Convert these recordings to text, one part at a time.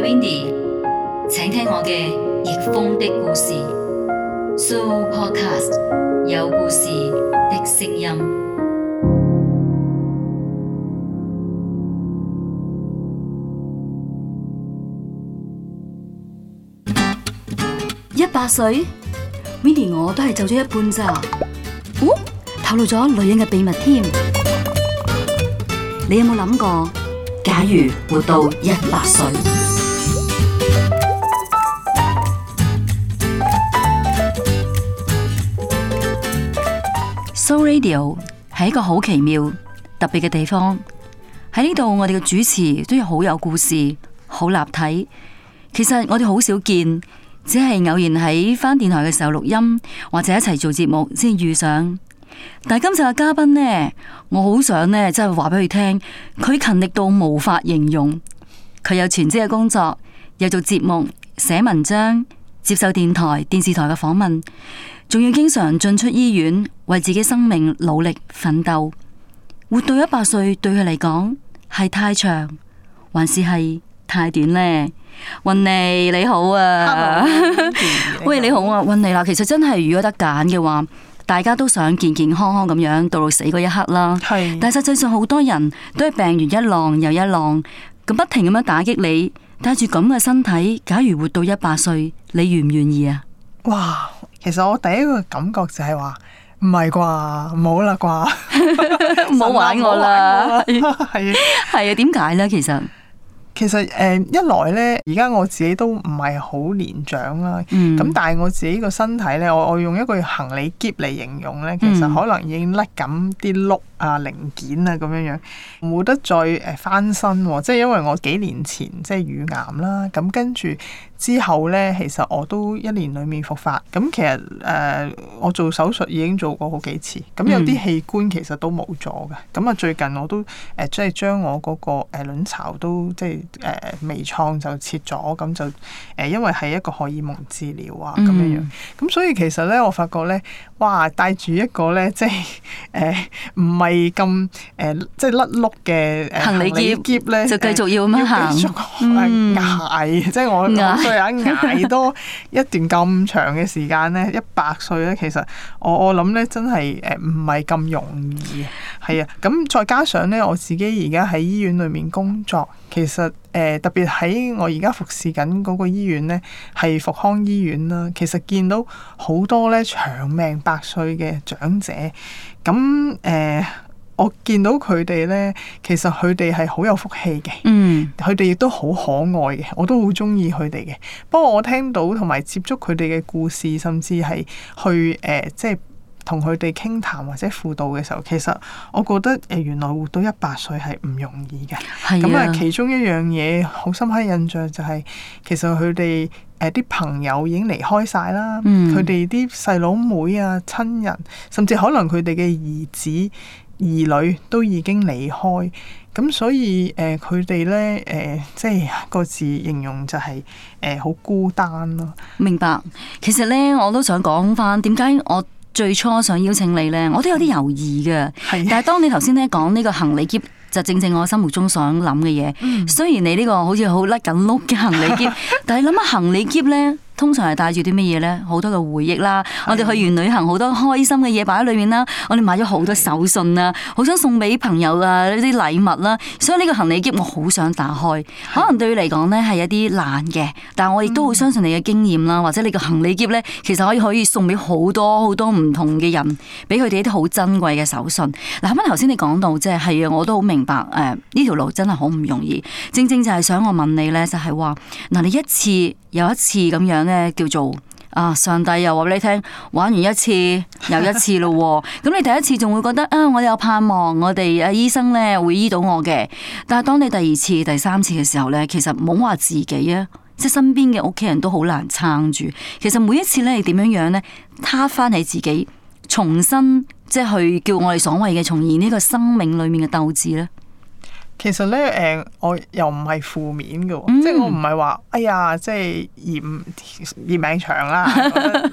Wendy，請聽我嘅逆風的故事。So Podcast 有故事的聲音。一百歲，Wendy 我都係走咗一半咋？哦，透露咗女人嘅秘密添。你有冇諗過，假如活到一百歲？So Radio 係一個好奇妙特別嘅地方，喺呢度我哋嘅主持都要好有故事、好立體。其實我哋好少見，只係偶然喺翻電台嘅時候錄音，或者一齊做節目先遇上。但係今集嘅嘉賓呢，我好想呢，真係話俾佢聽，佢勤力到無法形容。佢有全職嘅工作，又做節目、寫文章、接受電台、電視台嘅訪問。仲要經常進出醫院，為自己生命努力奮鬥，活到一百歲對佢嚟講係太長，還是係太短呢？雲妮，你好啊，喂，你好啊，雲妮嗱，其實真係如果得揀嘅話，大家都想健健康康咁樣到死嗰一刻啦。是但係實際上好多人都係病完一浪又一浪，咁不停咁樣打擊你，帶住咁嘅身體，假如活到一百歲，你願唔願意啊？哇！其實我第一個感覺就係話，唔係啩，冇啦啩，唔好 玩我啦，係啊是，係啊 是，點解咧？其實其實誒，一來咧，而家我自己都唔係好年長啦，嗯，咁但係我自己個身體咧，我我用一個行李篋嚟形容咧，其實可能已經甩緊啲碌啊零件啊咁樣樣，冇得再誒翻身，即係因為我幾年前即係乳癌啦，咁跟住。之後咧，其實我都一年裡面復發，咁、嗯、其實誒、呃、我做手術已經做過好幾次。咁、嗯、有啲器官其實都冇咗嘅，咁啊最近我都誒即係將我嗰個卵巢都即係誒微創就切咗，咁就誒、呃、因為係一個荷爾蒙治療啊咁樣樣，咁、嗯嗯、所以其實咧我發覺咧，哇帶住一個咧即係誒唔係咁誒即係甩碌嘅，行李，行李，行李呢。夾夾咧就繼續要咩行、嗯，繼續嗯捱，即係我再捱多一段咁長嘅時間呢，一百歲呢，其實我我諗呢真係誒唔係咁容易，係啊。咁再加上呢，我自己而家喺醫院裏面工作，其實誒特別喺我而家服侍緊嗰個醫院呢，係復康醫院啦。其實見到好多呢長命百歲嘅長者，咁、嗯、誒。呃我見到佢哋呢，其實佢哋係好有福氣嘅。嗯，佢哋亦都好可愛嘅，我都好中意佢哋嘅。不過我聽到同埋接觸佢哋嘅故事，甚至係去誒、呃，即係同佢哋傾談或者輔導嘅時候，其實我覺得誒原來活到一百歲係唔容易嘅。咁啊，其中一樣嘢好深刻印象就係、是，其實佢哋誒啲朋友已經離開晒啦。嗯，佢哋啲細佬妹啊、親人，甚至可能佢哋嘅兒子。兒女都已經離開，咁所以誒佢哋咧誒，即係、個字形容就係誒好孤單咯。明白。其實咧，我都想講翻點解我最初我想邀請你咧，我都有啲猶豫嘅。嗯、但係當你頭先咧講呢個行李篋，對就正正我心目中想諗嘅嘢。嗯、雖然你呢個好似好甩緊碌嘅行李篋， 但係諗下行李篋咧。通常係帶住啲乜嘢咧？好多嘅回憶啦，我哋去完旅行好多開心嘅嘢擺喺裏面啦。我哋買咗好多手信啦、啊，好想送俾朋友禮啊呢啲禮物啦。所以呢個行李喼我好想打開，可能對於嚟講咧係一啲難嘅，但係我亦都好相信你嘅經驗啦，或者你個行李喼咧，其實可以可以送俾好多好多唔同嘅人，俾佢哋一啲好珍貴嘅手信。嗱，咁頭先你講到即係係啊，我都好明白誒，呢、呃、條路真係好唔容易。正正就係想我問你咧，就係話嗱，你一次又一次咁樣。咧叫做啊，上帝又話畀你聽，玩完一次又一次咯。咁 你第一次仲會覺得啊，我有盼望，我哋阿、啊、醫生咧會醫到我嘅。但係當你第二次、第三次嘅時候咧，其實唔好話自己啊，即係身邊嘅屋企人都好難撐住。其實每一次咧你點樣樣咧，他翻你自己，重新即係去叫我哋所謂嘅，重燃呢個生命裏面嘅鬥志咧。其實咧，誒，我又唔係負面嘅，嗯、即係我唔係話，哎呀，即係延延命長啦，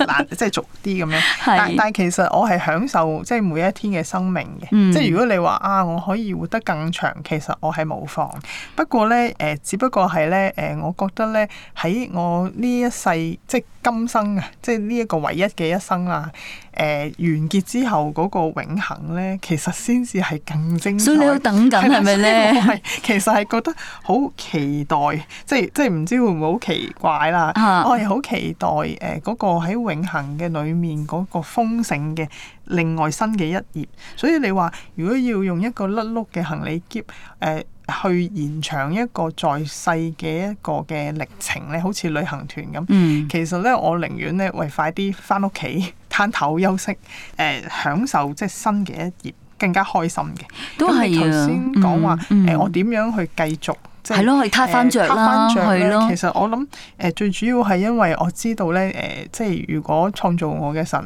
難 即係俗啲咁樣。是但但係其實我係享受即係每一天嘅生命嘅。嗯、即係如果你話啊，我可以活得更長，其實我係冇妨。不過咧，誒，只不過係咧，誒，我覺得咧喺我呢一世即係。今生啊，即係呢一個唯一嘅一生啦。誒，完結之後嗰個永恒咧，其實先至係更精彩。所以你喺度等緊，係咪咧？係，其實係覺得好期待，即係即係唔知會唔會好奇怪啦。我係好期待誒，嗰個喺永恒嘅裏面嗰個豐盛嘅另外新嘅一頁。所以你話如果要用一個甩碌嘅行李篋，誒。去延長一個在世嘅一個嘅歷程咧，好似旅行團咁。嗯、其實咧，我寧願咧，喂，快啲返屋企攤頭休息，誒、呃，享受即係新嘅一頁，更加開心嘅。都係啊！頭先講話誒，我點樣去繼續？係咯，去攤翻着啦，係咯。其實我諗誒，最主要係因為我知道咧，誒、呃，即係如果創造我嘅神，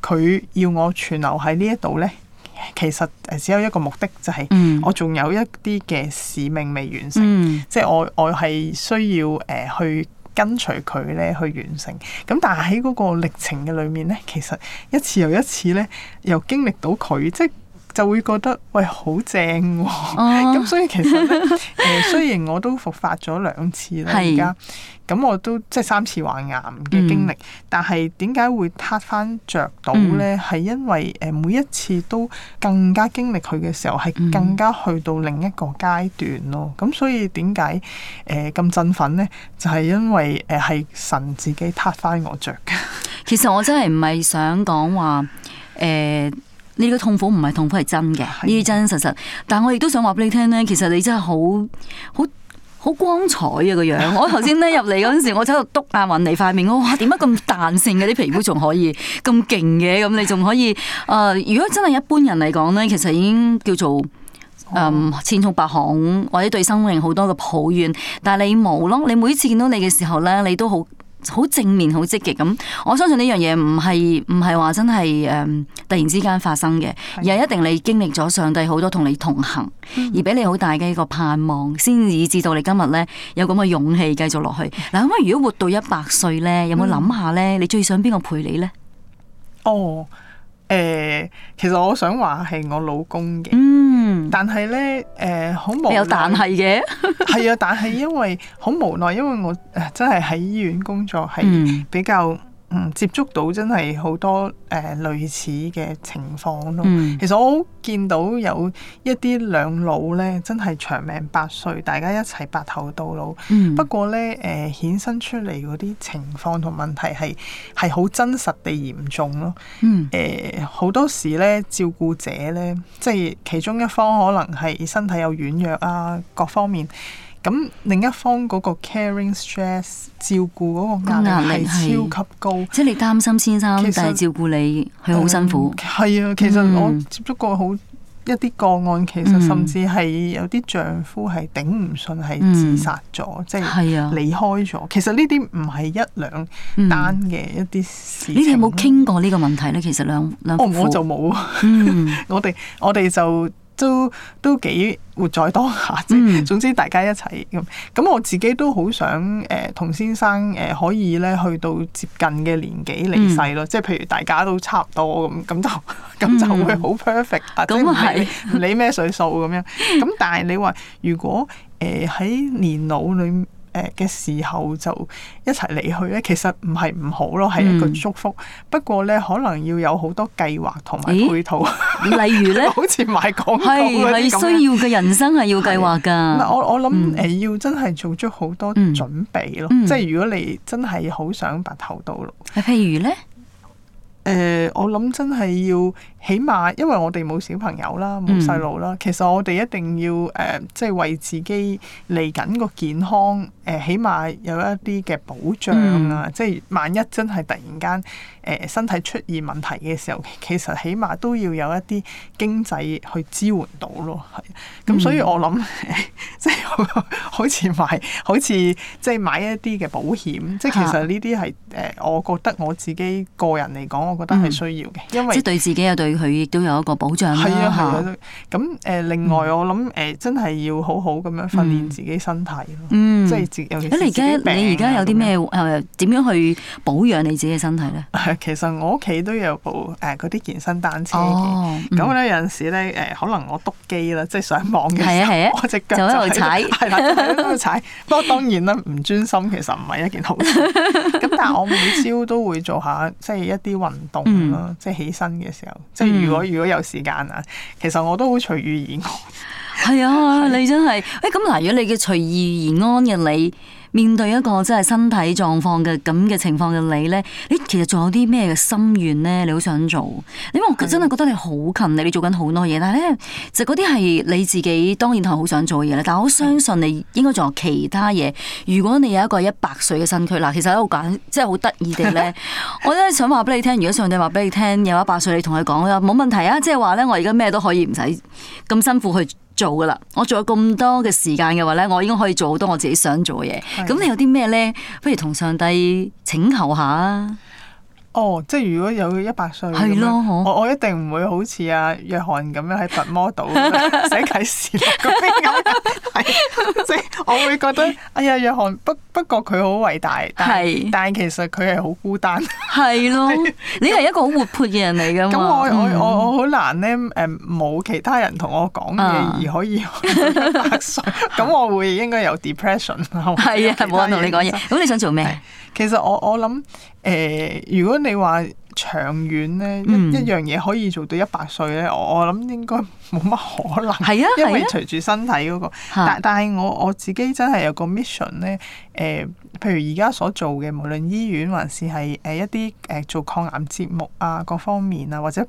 佢要我存留喺呢一度咧。其實誒只有一個目的，就係、是、我仲有一啲嘅使命未完成，嗯、即係我我係需要誒、呃、去跟隨佢咧去完成。咁但係喺嗰個歷程嘅裏面咧，其實一次又一次咧，又經歷到佢，即係。就會覺得喂好正喎、哦、咁、oh。所以其實誒 雖然我都復發咗兩次啦，而家咁我都即係三次患癌嘅經歷，mm。但係點解會撻翻着到呢？係、mm。因為誒每一次都更加經歷佢嘅時候，係更加去到另一個階段咯。咁、mm。所以點解誒咁振奮呢？就係、是、因為誒係神自己撻翻我着。嘅。其實我真係唔係想講話誒。呃你嘅痛苦唔係痛苦，係真嘅，呢啲真真實實。但係我亦都想話俾你聽咧，其實你真係好好好光彩啊個樣 我。我頭先搦入嚟嗰陣時，我喺度篤下揾你塊面，哇，話點解咁彈性嘅啲 皮膚仲可以咁勁嘅？咁你仲可以誒、呃？如果真係一般人嚟講咧，其實已經叫做誒、呃、千瘡百孔，或者對生命好多嘅抱怨。但係你冇咯，你每次見到你嘅時候咧，你都好。好正面、好積極咁，我相信呢樣嘢唔係唔係話真係誒、嗯、突然之間發生嘅，而係一定你經歷咗上帝好多同你同行，的而俾你好大嘅一個盼望，先至致到你今日呢有咁嘅勇氣繼續落去。嗱，咁如果活到一百歲呢，有冇諗下呢？嗯、你最想邊個陪你呢？哦，誒、呃，其實我想話係我老公嘅。嗯。但係咧，誒、呃、好無奈有但係嘅，係 啊！但係因為好無奈，因為我真係喺醫院工作係比較。嗯、接觸到真係好多誒、呃、類似嘅情況咯。嗯、其實我見到有一啲兩老呢，真係長命百歲，大家一齊白頭到老。嗯、不過呢，誒衍生出嚟嗰啲情況同問題係係好真實地嚴重咯。誒好、嗯呃、多時呢，照顧者呢，即係其中一方可能係身體有軟弱啊，各方面。咁另一方嗰個 caring stress 照顧嗰個壓力係超級高，即係你擔心先生，但係照顧你係好辛苦。係啊，其實我接觸過好一啲個案，其實甚至係有啲丈夫係頂唔順，係自殺咗，即係係啊離開咗。其實呢啲唔係一兩單嘅一啲事你哋，嗯、有冇傾過呢個問題咧？其實兩兩夫我就冇，嗯。 我哋我哋就。都都幾活在當下啫。總之大家一齊咁，咁、嗯、我自己都好想誒同、呃、先生誒、呃、可以咧去到接近嘅年紀離世咯。即係、嗯、譬如大家都差唔多咁，咁就咁就會好 perfect 啊。即係唔理唔理咩歲數咁樣。咁但係你話如果誒喺、呃、年老裏。誒嘅時候就一齊離去咧，其實唔係唔好咯，係一個祝福。嗯、不過咧，可能要有好多計劃同埋配套，欸、例如咧， 好似買港股係，你需要嘅人生係要計劃噶。唔我我諗誒，嗯、要真係做足好多準備咯。嗯、即係如果你真係好想白頭到老，誒，譬如咧。誒、呃，我諗真係要起碼，起碼因為我哋冇小朋友啦，冇細路啦，嗯、其實我哋一定要誒，即、呃、係、就是、為自己嚟緊個健康，誒、呃、起碼有一啲嘅保障啊！嗯、即係萬一真係突然間誒、呃、身體出現問題嘅時候，其實起碼都要有一啲經濟去支援到咯。係。咁所以我諗，即係、嗯、 好似買，好似即係買一啲嘅保險。即係其實呢啲係誒，我覺得我自己個人嚟講。我覺得係需要嘅，因為即係對自己又對佢亦都有一個保障，係啊係啊。咁誒，另外我諗誒，真係要好好咁樣訓練自己身體咯。即係自己病。咁你而家你而家有啲咩誒？點樣去保養你自己身體咧？其實我屋企都有部誒，嗰啲健身單車嘅。咁咧有陣時咧誒，可能我篤機啦，即係上網嘅時候，我隻腳就喺度踩，係啦喺度踩。不過當然啦，唔專心其實唔係一件好事。咁但係我每朝都會做下即係一啲運。動啦，嗯、即係起身嘅時候，嗯、即係如果如果有時間啊，其實我都好隨遇而安。係啊，你真係，誒咁，嗱，如果你嘅隨遇而安嘅你，面對一個即係身體狀況嘅咁嘅情況嘅你呢？你其實仲有啲咩嘅心願呢？你好想做？因為我真係覺得你好勤力你，你做緊好多嘢，但係呢，就嗰啲係你自己當然係好想做嘅嘢啦。但係我相信你應該仲有其他嘢。如果你有一個一百歲嘅身軀，嗱，其實好簡，即係好得意地呢。我真係想話俾你聽。如果上帝話俾你聽，有一百歲你同佢講，冇問題啊？即係話呢，我而家咩都可以唔使咁辛苦去。做噶啦，我做咗咁多嘅時間嘅話咧，我已經可以做好多我自己想做嘅嘢。咁是的 你有啲咩咧？不如同上帝請求下啊！哦，即係如果有一百歲咁，我我一定唔會好似阿約翰咁樣喺拔摩島寫啟示錄咁，即係我會覺得，哎呀約翰不，不過佢好偉大，但係但係其實佢係好孤單。係咯，你係一個好活潑嘅人嚟㗎嘛？咁我我我我好難咧誒，冇其他人同我講嘢而可以一百歲，咁我會應該有 depression，係啊，係冇人同你講嘢。咁你想做咩？其實我我諗，誒，如果你話長遠呢一一樣嘢可以做到一百歲呢？我我諗應該冇乜可能。係啊，因為隨住身體嗰、嗰個。啊、但但係我我自己真係有個 mission 呢、呃。譬如而家所做嘅，無論醫院還是係誒一啲誒、呃、做抗癌節目啊，各方面啊，或者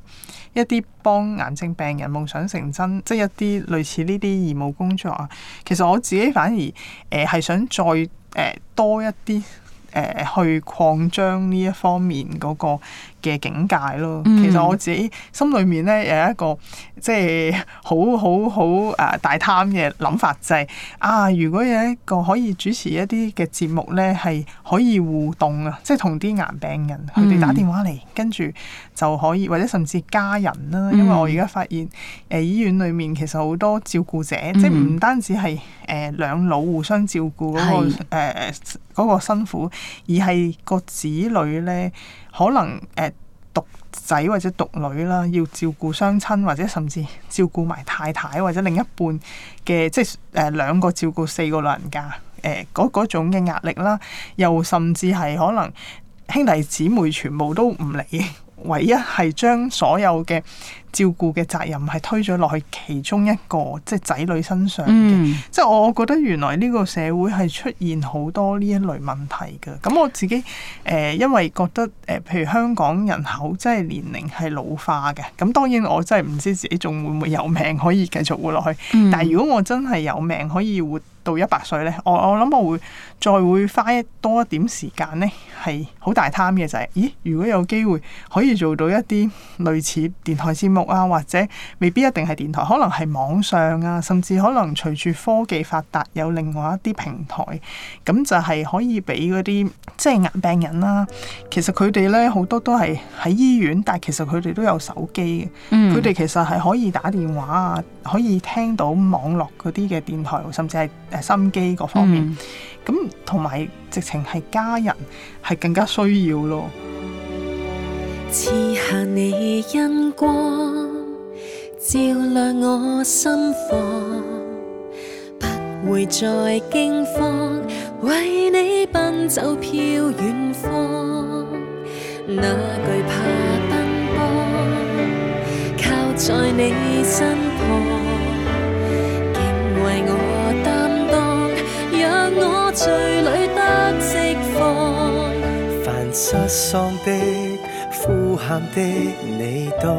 一啲幫癌症病人夢想成真，即係一啲類似呢啲義務工作啊。其實我自己反而誒係、呃、想再誒、呃、多一啲。誒、呃、去擴張呢一方面嗰、嗰個嘅境界咯，其實我自己心裏面咧有一個即係好好好誒大貪嘅諗法、就係，就係啊，如果有一個可以主持一啲嘅節目咧，係可以互動啊，即係同啲癌病人佢哋、嗯、打電話嚟，跟住就可以，或者甚至家人啦。嗯、因為我而家發現誒、呃、醫院裏面其實好多照顧者，嗯、即係唔單止係誒兩老互相照顧嗰、嗰個誒是、呃嗰個、辛苦，而係個子女咧。可能誒獨仔或者獨女啦，要照顧雙親或者甚至照顧埋太太或者另一半嘅，即係誒兩個照顧四個老人家，誒、呃、嗰種嘅壓力啦，又甚至係可能兄弟姊妹全部都唔理。 唯一係將所有嘅照顧嘅責任係推咗落去其中一個即係仔女身上嘅，嗯、即係我覺得原來呢個社會係出現好多呢一類問題嘅。咁我自己誒、呃，因為覺得誒、呃，譬如香港人口即係年齡係老化嘅，咁當然我真係唔知自己仲會唔會有命可以繼續活落去。嗯、但係如果我真係有命可以活到一百歲咧，我我諗我會。再會花多一點時間呢，係好大貪嘅就係、係，咦？如果有機會可以做到一啲類似電台節目啊，或者未必一定係電台，可能係網上啊，甚至可能隨住科技發達有另外一啲平台，咁就係可以俾嗰啲即係癌病人啦、啊。其實佢哋呢好多都係喺醫院，但係其實佢哋都有手機嘅，佢哋、mm. 其實係可以打電話啊，可以聽到網絡嗰啲嘅電台，甚至係誒心機嗰方面。Mm. 咁同埋直情係家人，係更加需要咯。賜下你恩光，照亮我心房，不會再驚慌，為你奔走飄遠方，哪懼怕奔波，靠在你身旁，竟為我擔當，讓我。醉裏不釋放，凡失喪的呼喊的你都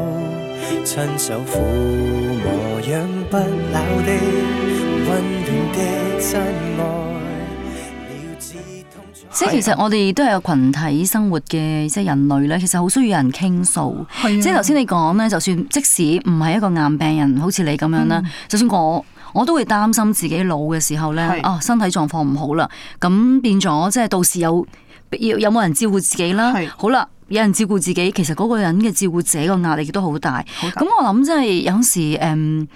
親手父母養不老的，溫暖的真愛。即其實我哋都係有群體生活嘅，即係人類咧，其實好需要人傾訴。哦、即係頭先你講呢，就算即使唔係一個癌病人，好似你咁樣啦，嗯、就算我。我都會擔心自己老嘅時候咧，是啊，身體狀況唔好啦，咁變咗即係到時有要有冇人照顧自己啦。是好啦，有人照顧自己，其實嗰個人嘅照顧者個壓力亦都好大。咁大、嗯、我諗即係有時誒。嗯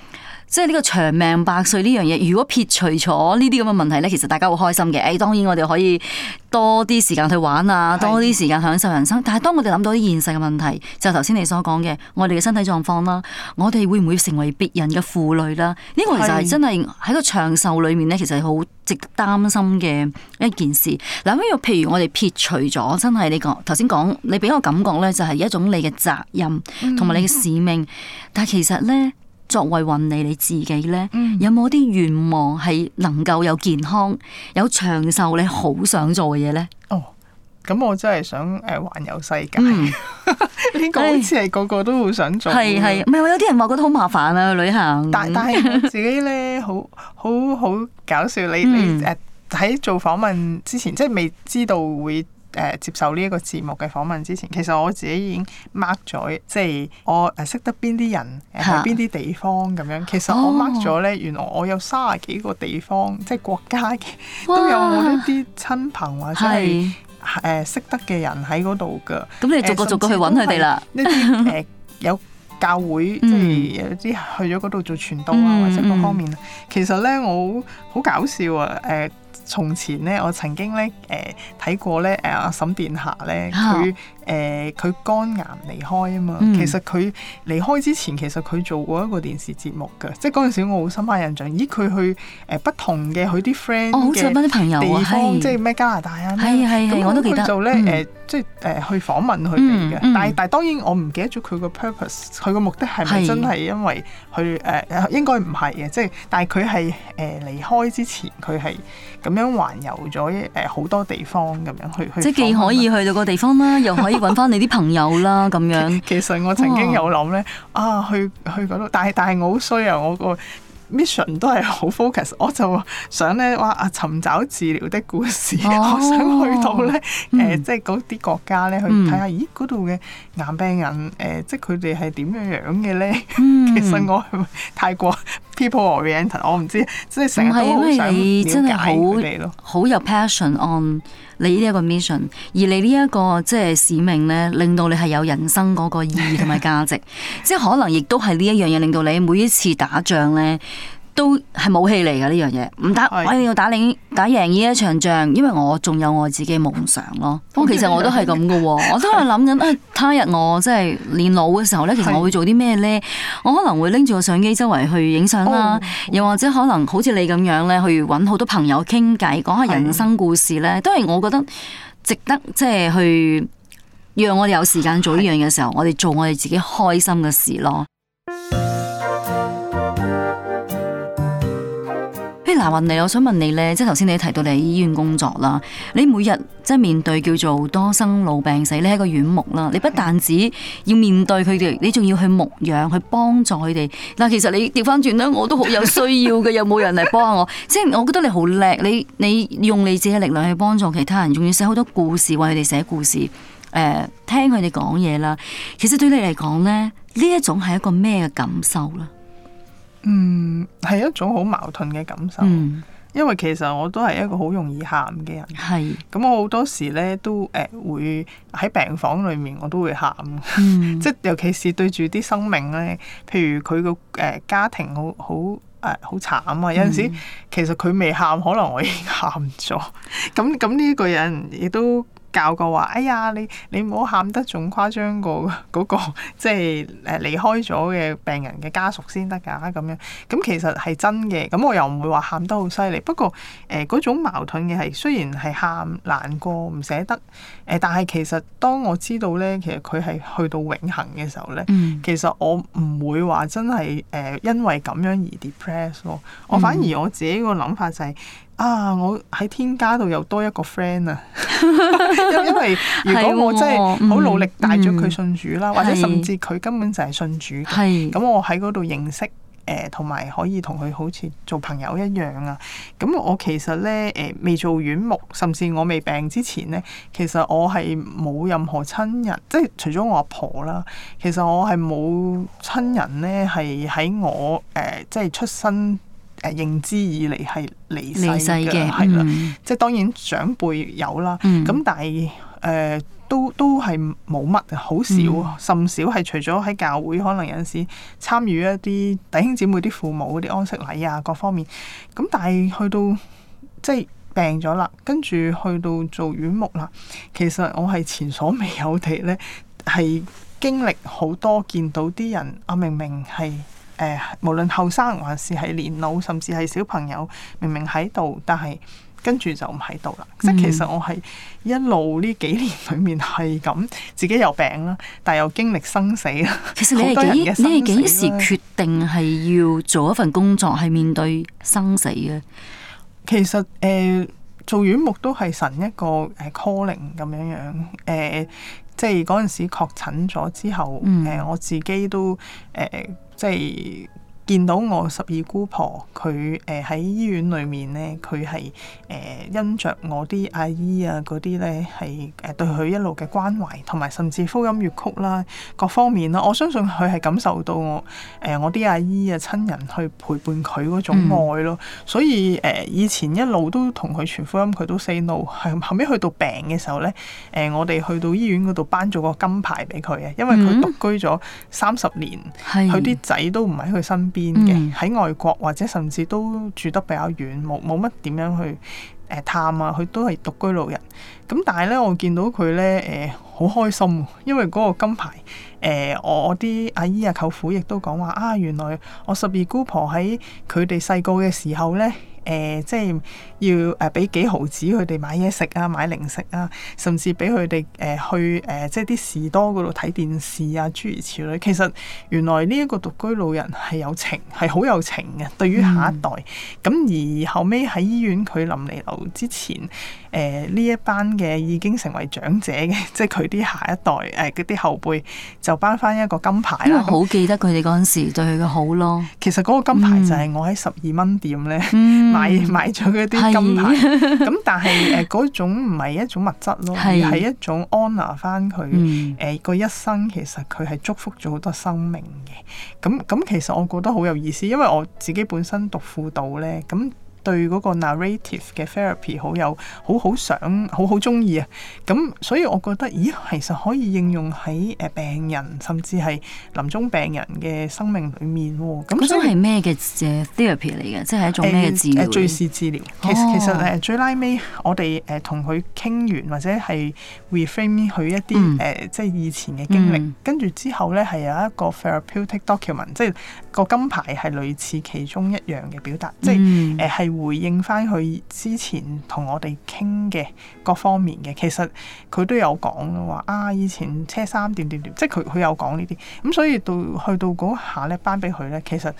即係呢個長命百歲呢樣嘢，如果撇除咗呢啲咁嘅問題咧，其實大家會開心嘅。誒、哎，當然我哋可以多啲時間去玩啊，多啲時間享受人生。是的 但係當我哋諗到啲現實嘅問題，就頭、是、先你所講嘅，我哋嘅身體狀況啦，我哋會唔會成為別人嘅負累啦？呢、這個其實係真係喺個長壽裏面咧，其實係好值得擔心嘅一件事。嗱，因為譬如我哋撇除咗，真係你講頭先講，你俾我感覺咧，就係一種你嘅責任同埋你嘅使命。嗯、但係其實咧。作為運利你自己咧，有冇啲願望係能夠有健康、有長壽你好想做嘅嘢咧？哦，咁我真係想誒，呃、環遊世界。你講、嗯、 好似係個個都好想做，係係，唔係？有啲人話覺得好麻煩啊，旅行。但但係自己咧， 好好好搞笑。你、嗯、你誒、呃，喺做訪問之前，即係未知道會。誒、呃、接受呢一個節目嘅訪問之前，其實我自己已經 mark 咗，即、就、係、是、我誒識得邊啲人去邊啲地方咁樣。其實我 mark 咗咧，哦、原來我有三十幾個地方，即係國家嘅哇都有一啲親朋或者係誒是、呃、識得嘅人喺嗰度嘅。咁你逐個逐個去揾佢哋啦。一啲誒有教會，即係有啲去咗嗰度做傳道啊，嗯、或者各方面。其實咧，我好搞笑啊，誒、呃。呃從前咧，我曾經咧，誒、呃、睇過咧，誒、啊、阿沈殿霞咧，佢。 誒佢、呃、肝癌離開啊嘛，嗯、其實佢離開之前其實佢做過一個電視節目㗎，即係嗰陣時我好深刻印象，咦佢去誒不同嘅佢啲 friend 嘅地方，即係咩加拿大啊？係係樣我都記得做咧誒，即係誒、呃、去訪問佢哋嘅。但係但係當然我唔記得咗佢個 purpose，佢個目的係咪真係因為去誒、呃、應該唔係嘅，即係但係佢係誒離開之前佢係咁樣環遊咗誒好多地方咁樣去，去即係既可以去到個地方啦，又可以。 搵翻你啲朋友啦，咁樣。其實我曾經有諗咧，oh. 啊去去嗰度，但係但係我好衰啊，我個 mission 都係好 focus，我就想咧哇啊尋找治療的故事，oh. 我想去到咧誒、mm. 呃，即係嗰啲國家咧去睇下，mm. 咦嗰度嘅眼病人誒、呃，即係佢哋係點樣樣嘅咧？Mm. 其實我係泰國。People or oriented，我唔知即係成日都好想了解佢哋，因為你真係好，好有 passion on 你呢一個 mission，而你呢一個即係使命咧，令到你係有人生嗰個意義同埋價值。 即係可能亦都係呢一樣嘢令到你每一次打仗咧。都係武器嚟噶呢樣嘢，唔打我要打你，打贏呢一場仗，因為我仲有我自己嘅夢想咯。我 其實我都係咁噶，我都係諗緊啊，他日我即係練老嘅時候呢，其實我會做啲咩呢？的我可能會拎住個相機周圍去影相啦，oh. 又或者可能好似你咁樣咧，去揾好多朋友傾偈，講下人生故事呢。的都係我覺得值得，即係去讓我哋有時間做呢樣嘢嘅時候，的我哋做我哋自己開心嘅事咯。嗱，雲妮，我想問你咧，即係頭先你提到你喺醫院工作啦，你每日即係面對叫做多生老病死，呢係個院牧啦，你不但止要面對佢哋，你仲要去牧養，去幫助佢哋。嗱，其實你調翻轉咧，我都好有需要嘅， 有冇人嚟幫我？即係我覺得你好叻，你你用你自己嘅力量去幫助其他人，仲要寫好多故事，為佢哋寫故事，誒、呃，聽佢哋講嘢啦。其實對你嚟講咧，呢一種係一個咩嘅感受咧？嗯，係一種好矛盾嘅感受，嗯、因為其實我都係一個好容易喊嘅人。係是，咁、嗯、我好多時咧都誒、呃、會喺病房裏面我都會喊，即係、嗯、 尤其是對住啲生命咧，譬如佢個誒家庭好好誒好慘啊！有陣時、嗯、其實佢未喊，可能我已經喊咗。咁咁呢一個人亦都。教過話，哎呀，你你唔好喊得仲誇張過嗰個，即係誒離開咗嘅病人嘅家屬先得㗎咁樣。咁其實係真嘅。咁我又唔會話喊得好犀利。不過誒嗰種矛盾嘅係，雖然係喊難過唔捨得，誒但係其實當我知道咧，其實佢係去到永恆嘅時候咧，嗯、其實我唔會話真係誒因為咁樣而 depress 咯。我反而我自己個諗法就係。嗯嗯啊！我喺天家度又多一個 friend 啊， 因為如果我真係好努力帶咗佢信主啦， 嗯嗯、或者甚至佢根本就係信主，咁是我喺嗰度認識誒同埋可以同佢好似做朋友一樣啊！咁我其實咧誒、呃、未做院牧，甚至我未病之前咧，其實我係冇任何親人，即係除咗我阿婆啦，其實我係冇親人咧，係喺我誒、呃、即係出生。誒認知以嚟係離世嘅，係啦，的嗯、即係當然長輩有啦，咁、嗯、但係誒、呃、都都係冇乜，好少、嗯，甚少係除咗喺教會，可能有陣時參與一啲弟兄姊妹啲父母啲安息禮啊，各方面。咁但係去到即係病咗啦，跟住去到做院牧啦，其實我係前所未有地呢，係經歷好多，見到啲人啊，我明明係。誒，無論後生還是係年老，甚至係小朋友，明明喺度，但係跟住就唔喺度啦。嗯、即係其實我係一路呢幾年裡面係咁，自己有病啦，但係又經歷生死啦。其實你幾，好多人嘅生死，你幾時決定係要做一份工作係面對生死嘅？其實誒、呃，做院牧都係神一個誒 calling 咁樣樣。誒、呃，即係嗰陣時確診咗之後，誒、嗯呃、我自己都誒。呃即係，在見到我十二姑婆，佢誒喺醫院裏面咧，佢係誒因着我啲阿姨啊嗰啲咧，係誒對佢一路嘅關懷，同埋甚至福音粵曲啦各方面啦，我相信佢係感受到我誒我啲阿姨啊親人去陪伴佢嗰種愛咯。所以誒以前一路都同佢傳福音，佢都 say no。係後尾去到病嘅時候咧，誒我哋去到醫院嗰度頒咗個金牌俾佢啊，因為佢獨居咗三十年，佢啲仔都唔喺佢身邊。邊嘅喺外國或者甚至都住得比較遠，冇冇乜點樣去誒探啊，佢都係獨居老人。咁但係呢，我見到佢呢誒好、呃、開心，因為嗰個金牌誒、呃，我啲阿姨啊、舅父亦都講話「啊，原來我十二姑婆喺佢哋細個嘅時候呢。」誒、呃，即係要誒俾、呃、幾毫紙佢哋買嘢食啊，買零食啊，甚至俾佢哋誒去誒、呃，即係啲士多嗰度睇電視啊，諸如此類。其實原來呢一個獨居老人係有情，係好有情嘅，對於下一代。咁、嗯、而後尾喺醫院佢臨離樓之前。誒呢、呃、一班嘅已經成為長者嘅，即係佢啲下一代誒啲、呃、後輩就頒翻一個金牌啦。好記得佢哋嗰陣時對佢嘅好咯。嗯、其實嗰個金牌就係我喺十二蚊店咧、嗯、買買咗嗰啲金牌。咁的但係誒嗰種唔係一種物質咯，的而係一種 honour 翻佢誒個一生。其實佢係祝福咗好多生命嘅。咁咁其實我覺得好有意思，因為我自己本身讀輔導咧，咁。對嗰個 narrative 嘅 therapy 好有好好想好好中意啊！咁所以我覺得，咦，其實可以應用喺誒病人，甚至係臨終病人嘅生命裏面喎。咁嗰種係咩嘅 therapy 嚟嘅？即係一種咩治療？誒敘事治療。哦、其實誒最拉尾，呃、May, 我哋誒同佢傾完，或者係 reframe 佢一啲誒、嗯呃、即係以前嘅經歷，跟住、嗯、之後咧係有一個 therapeutic document，即係個金牌係類似其中一樣嘅表達，嗯、即係誒係。呃回應翻佢之前同我哋傾嘅各方面嘅，其實佢都有講話啊，以前車衫點點點，即係佢佢有講呢啲，咁、嗯、所以到去到嗰下咧，頒俾佢咧，其實誒嗰、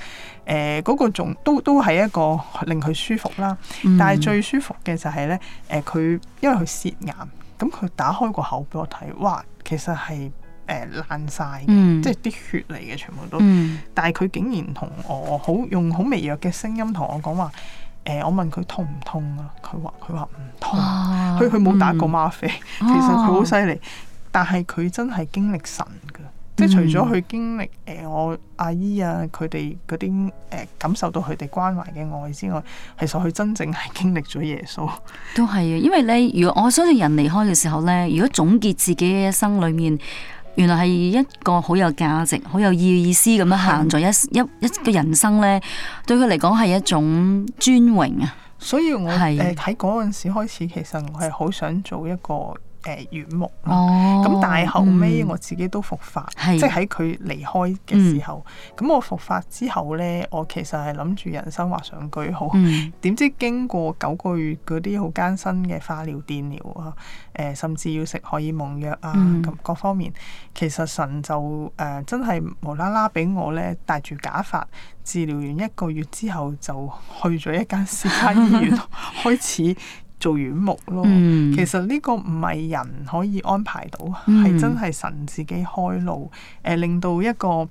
呃那個仲都都係一個令佢舒服啦。但係最舒服嘅就係、是、咧，誒、呃、佢因為佢舌癌，咁佢打開個口俾我睇，哇，其實係誒、呃、爛晒，嘅、嗯，即係啲血嚟嘅全部都。嗯、但係佢竟然同我好用好微弱嘅聲音同我講話。誒、欸，我問佢痛唔痛啊？佢話佢話唔痛，佢佢冇打過嗎啡，啊、其實佢好犀利。但係佢真係經歷神㗎，即係除咗佢經歷誒、欸、我阿姨啊，佢哋嗰啲誒感受到佢哋關懷嘅愛之外，其實佢真正係經歷咗耶穌。都係啊，因為咧，如果我相信人離開嘅時候咧，如果總結自己嘅一生裏面。原來係一個好有價值、好有意義意思咁樣行咗一、嗯、一一個人生呢。對佢嚟講係一種尊榮啊！所以我誒喺嗰陣時開始，是其實我係好想做一個。誒，軟木咯，咁、哦、但係後尾我自己都復發，嗯、即係喺佢離開嘅時候，咁、嗯、我復發之後呢，我其實係諗住人生畫上句號，點、嗯、知經過九個月嗰啲好艱辛嘅化療、電療啊，誒，甚至要食荷爾蒙藥啊，咁、嗯、各方面，其實神就誒、呃、真係無啦啦俾我呢戴住假髮，治療完一個月之後就去咗一間私家醫院開始。 做軟木咯，嗯、其實呢個唔係人可以安排到，係、嗯、真係神自己開路，誒、呃、令到一個，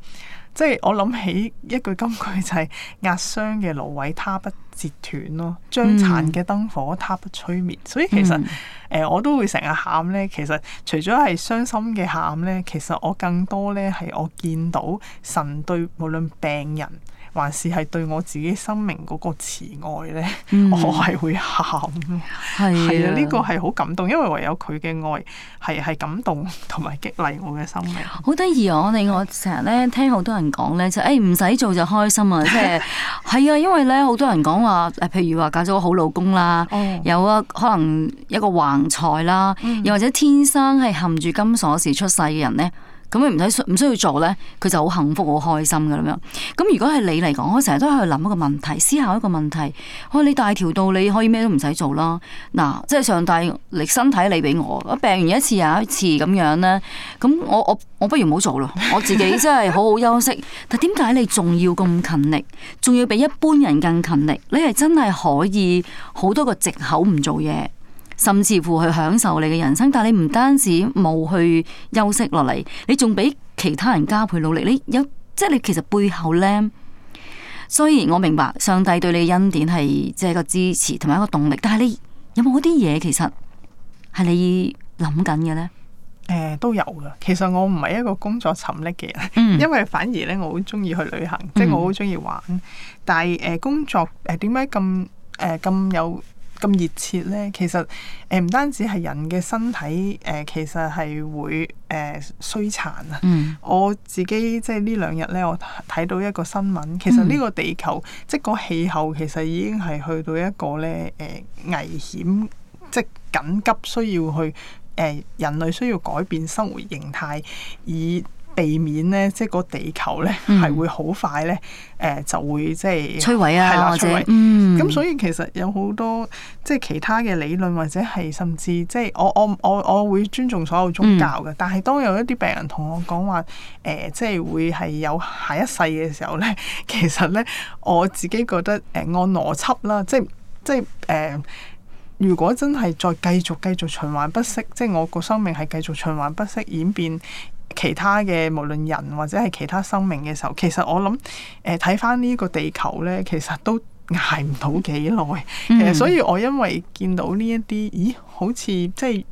即係我諗起一句金句就係、是、壓傷嘅蘆葦，他不折斷咯；將殘嘅燈火，他不吹滅。嗯、所以其實誒、呃、我都會成日喊咧，其實除咗係傷心嘅喊咧，其實我更多咧係我見到神對無論病人。還是係對我自己生命嗰個慈愛咧，嗯、我係會喊，係啊的，呢、呢個係好感動，因為唯有佢嘅愛係係感動同埋激勵我嘅生命。好得意啊！我哋的我成日咧聽好多人講咧，就誒唔使做就開心啊！即係係啊，因為咧好多人講話誒，譬如話嫁咗個好老公啦，哦、有啊，可能一個橫財啦，嗯、又或者天生係含住金鎖匙出世嘅人咧。咁你唔使唔需要做咧，佢就好幸福好開心噶啦嘛。咁如果係你嚟講，我成日都喺度諗一個問題，思考一個問題。我、啊、你大條道理，你可以咩都唔使做啦。嗱，即係上帝你身體你俾我，病完一次又一次咁樣咧。咁我我我不如唔好做咯。我自己真係好好休息。 但係點解你仲要咁勤力，仲要比一般人更勤力？你係真係可以好多個借口唔做嘢。甚至乎去享受你嘅人生，但係你唔單止冇去休息落嚟，你仲俾其他人加倍努力。你有即係你其實背後咧，雖然我明白上帝對你嘅恩典係即係個支持同埋一個動力。但係你有冇啲嘢其實係你諗緊嘅咧？誒、呃，都有噶。其實我唔係一個工作沉溺嘅人，嗯、因為反而咧我好中意去旅行，嗯、即係我好中意玩。但係誒、呃、工作誒點解咁誒咁有？咁熱切咧，其實誒呃、唔單止係人嘅身體，誒、呃、其實係會誒、呃、衰殘啊！嗯、我自己即係呢兩日咧，我睇到一個新聞，其實呢個地球、嗯、即係個氣候，其實已經係去到一個咧誒、呃、危險，即係緊急需要去誒、呃、人類需要改變生活形態以。避免咧，即係個地球咧，係、嗯、會好快咧，誒、呃、就會即係摧毀啊，或者咁。摧毀。嗯、所以其實有好多即係其他嘅理論，或者係甚至即係我我我我會尊重所有宗教嘅。嗯、但係當有一啲病人同我講話，誒、呃、即係會係有下一世嘅時候咧，其實咧我自己覺得誒、呃、按邏輯啦，即係即係誒、呃，如果真係再繼續,繼續繼續循環不息，即係我個生命係繼續循環不息演變,變。其他嘅無論人或者係其他生命嘅時候，其實我諗誒睇返呢個地球咧，其實都捱唔到幾耐。其實、 嗯呃、所以我因為見到呢一啲，咦，好似即係。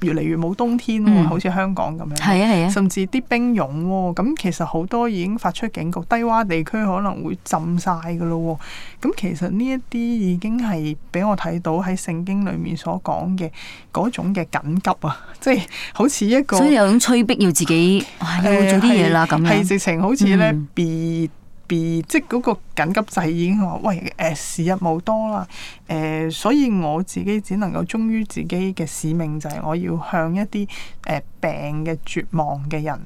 越嚟越冇冬天喎，嗯、好似香港咁樣，啊、甚至啲冰融喎、哦。咁其實好多已經發出警告，低洼地區可能會浸曬嘅咯。咁其實呢一啲已經係俾我睇到喺聖經裡面所講嘅嗰種嘅緊急啊，即 係好似一個。所以有種催逼要自己做啲嘢啦，咁是樣。係直情好似咧別。嗯即係嗰個緊急制已經話，喂，誒、呃，時日冇多啦，誒、呃，所以我自己只能夠忠於自己嘅使命，就係我要向一啲誒、呃、病嘅絕望嘅人，誒、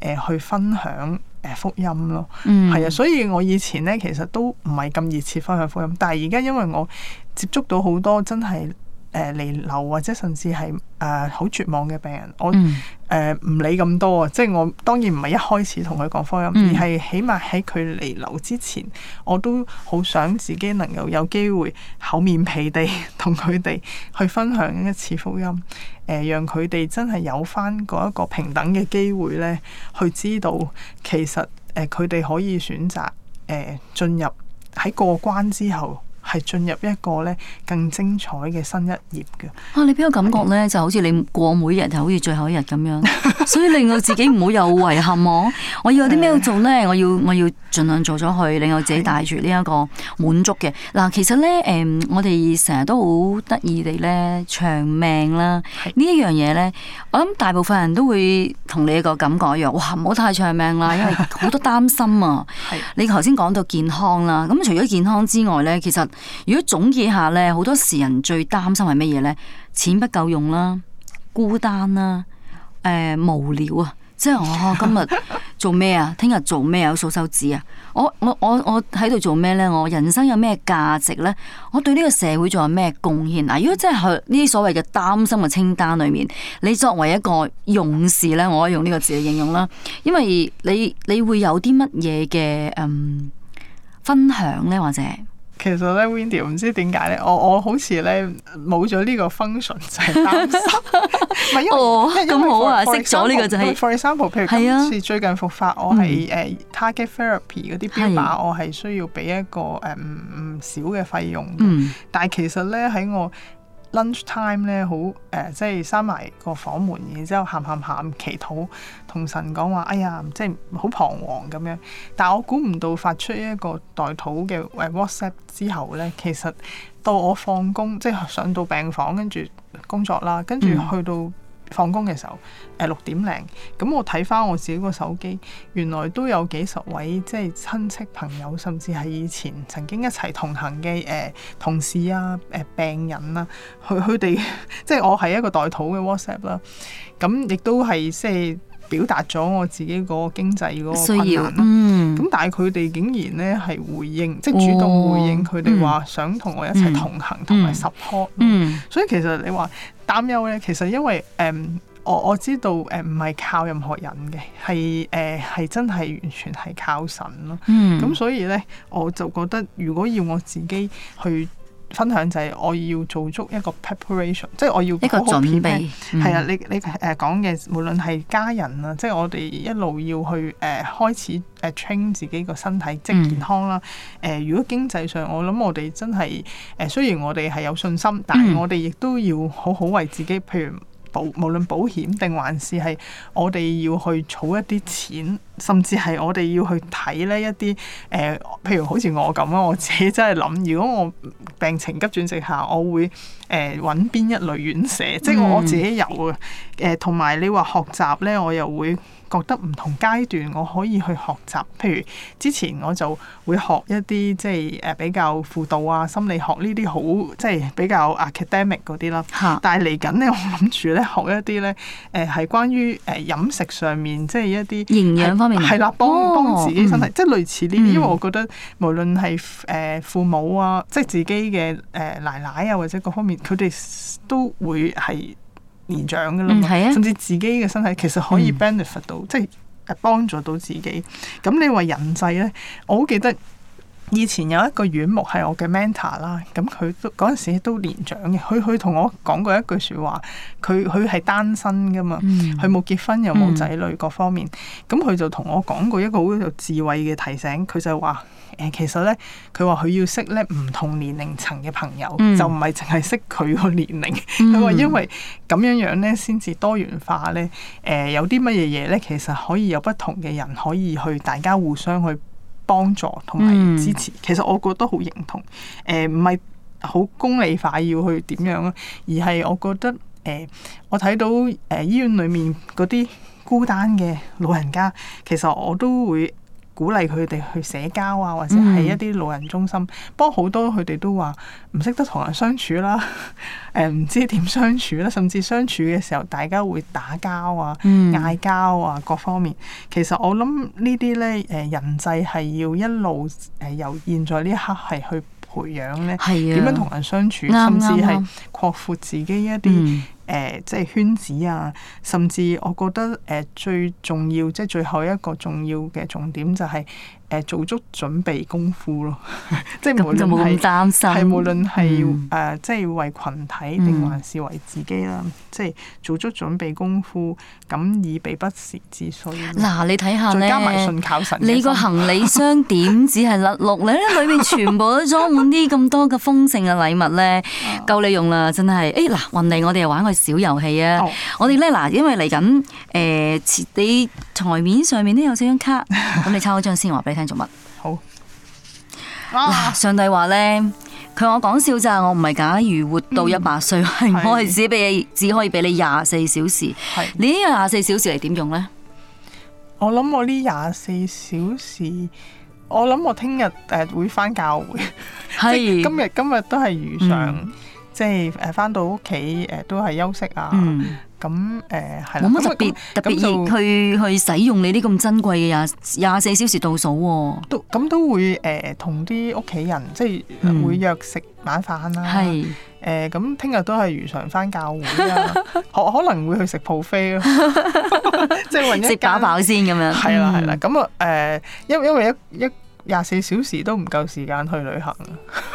呃、去分享誒福音咯。係啊、嗯，所以我以前呢其實都唔係咁熱切分享福音，但係而家因為我接觸到好多真係。誒彌留或者甚至係誒好絕望嘅病人，我誒唔、嗯呃、理咁多啊！即係我當然唔係一開始同佢講福音，嗯、而係起碼喺佢彌留之前，我都好想自己能夠有機會厚面皮地同佢哋去分享一次福音。誒、呃，讓佢哋真係有返嗰一個平等嘅機會咧，去知道其實誒佢哋可以選擇誒、呃、進入喺過關之後。係進入一個咧更精彩嘅新一頁嘅。啊，你俾我感覺咧？的就好似你過每日，就好似最後一日咁樣。 所以令我自己唔好有遺憾啊！我要有啲咩要做咧？我要我要盡量做咗去，令我自己帶住呢一個滿足嘅。嗱的，其實咧，誒、嗯，我哋成日都好得意地咧長命啦。的呢一樣嘢咧，我諗大部分人都會同你個感覺一樣。哇，唔好太長命啦，因為好多擔心啊。的你頭先講到健康啦，咁除咗健康之外咧，其實。如果總結下咧，好多時人最擔心係乜嘢咧？錢不夠用啦，孤單啦，誒、呃，無聊啊，即係我、哦、今日做咩啊？聽日做咩啊？數手指啊？我我我我喺度做咩咧？我人生有咩價值咧？我對呢個社會仲有咩貢獻嗱？如果真係呢啲所謂嘅擔心嘅清單裏面，你作為一個勇士咧，我可以用呢個字嚟形容啦，因為你你會有啲乜嘢嘅嗯分享咧，或者？其實咧 Windy 唔知點解咧，我我好似咧冇咗呢個 function 就係、是、擔心，唔係 因為、哦、因為我啊識咗呢個就係、是。For example，譬如今次最近復發，啊、我係誒、uh, target therapy 嗰啲標靶，啊、我係需要俾一個誒唔唔少嘅費用。啊、但係其實咧喺我。lunch time 咧好誒、呃，即係閂埋個房門，然之後喊喊喊，祈禱，同神講話，哎呀，即係好彷徨咁樣。但我估唔到發出一個代禱嘅 WhatsApp 之後咧，其實到我放工，即係上到病房跟住工作啦，跟住去到、嗯。放工嘅時候，誒六點零，咁我睇返我自己個手機，原來都有幾十位即係親戚朋友，甚至係以前曾經一齊同行嘅誒、呃、同事啊、誒、呃、病人啊，佢佢哋即係我係一個代討嘅 WhatsApp 啦，咁亦都係即係。表達咗我自己嗰個經濟嗰個困難，嗯，咁但係佢哋竟然咧係回應，即係主動回應，佢哋話想同我一齊同行同埋 support、嗯。嗯，嗯所以其實你話擔憂咧，其實因為誒、嗯，我我知道誒唔係靠任何人嘅，係誒係真係完全係靠神咯。嗯，咁所以咧，我就覺得如果要我自己去。分享就係我要做足一個 preparation，即係我要一個準備。係啊，你你誒講嘅，無論係家人啊，嗯、即係我哋一路要去誒開始 train 自己個身體，即係健康啦。誒，嗯、如果經濟上，我諗我哋真係誒，雖然我哋係有信心，但係我哋亦都要好好為自己，譬如。保無論保險定還是係我哋要去儲一啲錢，甚至係我哋要去睇呢一啲誒、呃，譬如好似我咁啊，我自己真係諗，如果我病情急轉直下，我會誒揾邊一類院舍，嗯、即係我自己有嘅。誒同埋你話學習呢，我又會。覺得唔同階段我可以去學習，譬如之前我就會學一啲即係誒比較輔導啊、心理學呢啲好即係、就是、比較 academic 嗰啲啦。哈但係嚟緊咧，我諗住咧學一啲咧誒係關於誒飲食上面即係、就是、一啲營養方面係啦，幫、哦、幫自己身體，哦、即係類似呢啲。嗯、因為我覺得無論係誒父母啊，嗯、即係自己嘅誒、呃、奶奶啊，或者各方面，佢哋都會係。年長㗎喇嘛，嗯啊、甚至自己嘅身體其實可以 benefit 到，嗯、即係幫助到自己。咁你話人際咧，我好記得。以前有一個遠目係我嘅 mentor 啦，咁佢都嗰陣時都年長嘅，佢佢同我講過一句説話，佢佢係單身嘅嘛，佢冇、嗯、結婚又冇仔女各方面，咁佢、嗯、就同我講過一個好有智慧嘅提醒，佢就話：誒、呃、其實咧，佢話佢要識咧唔同年齡層嘅朋友，嗯、就唔係淨係識佢個年齡。佢 話因為咁樣樣咧，先至多元化咧。誒、呃、有啲乜嘢嘢咧，其實可以有不同嘅人可以去，大家互相去。幫助同埋支持，其實我覺得好認同。誒，唔係好功利化要去點樣，而係我覺得誒、呃，我睇到誒、呃，醫院裡面嗰啲孤單嘅老人家，其實我都會。鼓勵佢哋去社交啊，或者係一啲老人中心，嗯、不過好多佢哋都話唔識得同人相處啦。誒，唔知點相處啦。甚至相處嘅時候大家會打交啊、嗌交，嗯、啊，各方面。其實我諗呢啲咧，誒，人際係要一路誒，由現在呢一刻係去培養咧，點、啊、樣同人相處，嗯、甚至係擴闊自己一啲、嗯。嗯誒，即係圈子啊，甚至我覺得誒最重要，即係最後一個重要嘅重點，就係誒做足準備功夫咯。即係就冇咁擔心，係無論係誒，即係為群體定還是為自己啦，即係做足準備功夫，咁以備不時之需。嗱，你睇下咧，加埋信靠神，你個行李箱點止係粒六咧？裏面全部都裝滿啲咁多嘅豐盛嘅禮物咧，夠你用啦！真係。誒嗱，運嚟我哋又玩個小遊戲啊！Oh. 我哋咧嗱，因為嚟緊誒，你台面上面都有四張卡，咁 你抄一張先，話俾你聽做乜？好。嗱、ah.，上帝話咧，佢我講笑就係，我唔係假如活到一百歲，係唔只俾只可以俾你廿四小時。係是，你呢個廿四小時嚟點用咧？我諗我呢廿四小時，我諗我聽日誒會返教會。係是， 今日今日都係如常。嗯即係誒翻到屋企誒都係休息啊，咁誒係冇乜特別就特別要去去使用你啲咁珍貴嘅廿廿四小時倒數喎、啊，都咁都會誒同啲屋企人即係會約食晚飯啦、啊，誒咁聽日都係如常翻教會啊，可 可能會去食 buffet 咯，即係食飽飽先咁樣，係啦係啦，咁啊誒因因為一一。嗯嗯嗯嗯廿四小時都唔夠時間去旅行，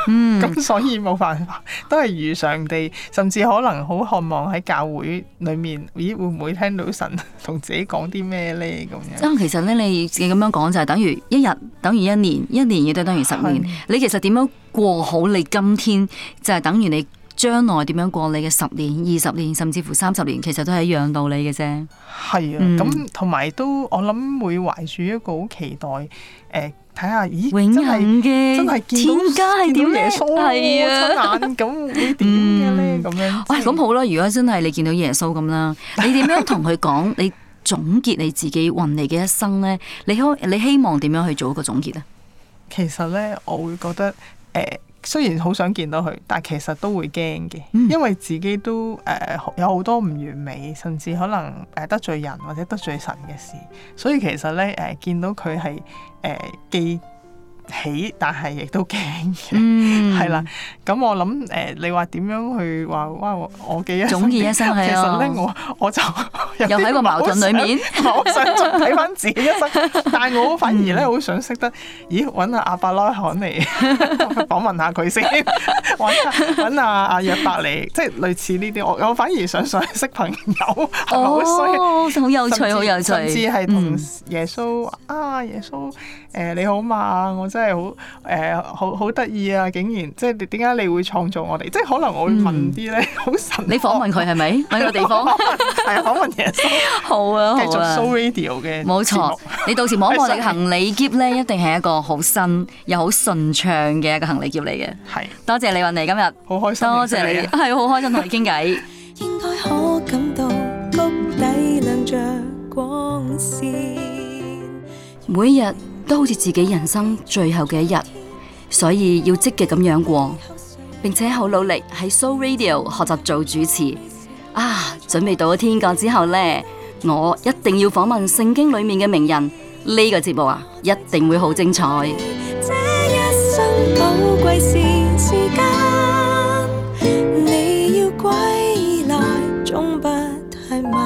咁、嗯、 所以冇辦法，都係如常地，甚至可能好渴望喺教會裏面，咦，會唔會聽到神同自己講啲咩呢？咁樣啊，其實咧，你你咁樣講就係等於一日等於一年，一年亦都等於十年。的你其實點樣過好你今天，就係、是、等於你將來點樣過你嘅十年、二十年，甚至乎三十年，其實都係一樣道理嘅啫。係啊的，咁同埋都，我諗會懷住一個好期待誒。呃睇下，咦，永恆真嘅，真係天家係點？見到耶穌，係是啊，親眼咁會點嘅咧？咁、 嗯、樣，喂、哎，咁好啦，如果真係你見到耶穌咁啦， 你點樣同佢講？你總結你自己運嚟嘅一生咧？你可你希望點樣去做一個總結啊？其實咧，我會覺得誒。欸雖然好想見到佢，但其實都會驚嘅，嗯、因為自己都誒、呃、有好多唔完美，甚至可能誒得罪人或者得罪神嘅事，所以其實咧誒、呃、見到佢係誒記。呃起，但係亦都驚嘅，係啦、嗯。咁、嗯、我諗誒、呃，你話點樣去話哇？我嘅一生其實咧，我我就 又喺個矛盾裏面。我想睇翻自己一生，但係我反而咧好想識得，咦？揾阿阿伯拉罕嚟訪問下佢先，揾揾阿阿約伯嚟，即係類似呢啲。我我反而想想識朋友，係咪好衰？好、oh, 有趣，好至有趣。似、嗯、至係同耶穌啊，耶穌。啊耶穌誒你好嘛，我真係好誒好好得意啊！竟然即係點解你會創造我哋？即係可能我會問啲咧，好神！你訪問佢係咪？問個地方係訪問嘅。好啊，好啊。繼續 Radio 嘅。冇錯，你到時摸我哋嘅行李夾咧，一定係一個好新又好順暢嘅一個行李喼嚟嘅。係。多謝李雲妮今日。好開心。多謝你，係好開心同你傾偈。應該感到谷底亮着光每日。都好似自己人生最後嘅一日，所以要積極咁樣過，並且好努力喺 Show Radio 學習做主持啊！準備到咗天國之後呢，我一定要訪問聖經裏面嘅名人，呢、這個節目啊，一定會好精彩。這一生寶貴是時間，你要歸來，仲不太晚。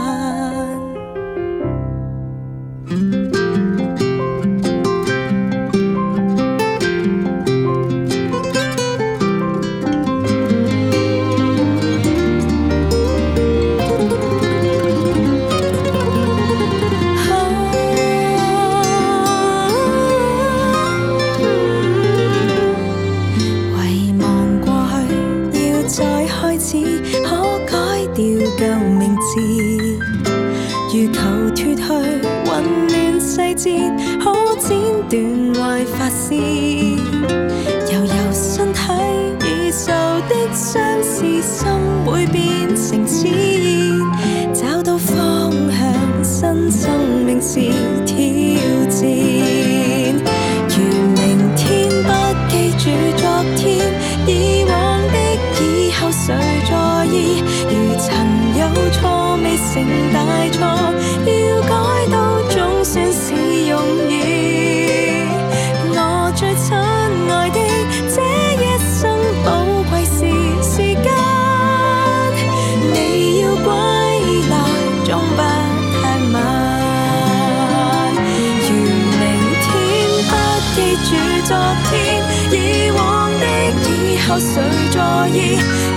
可以。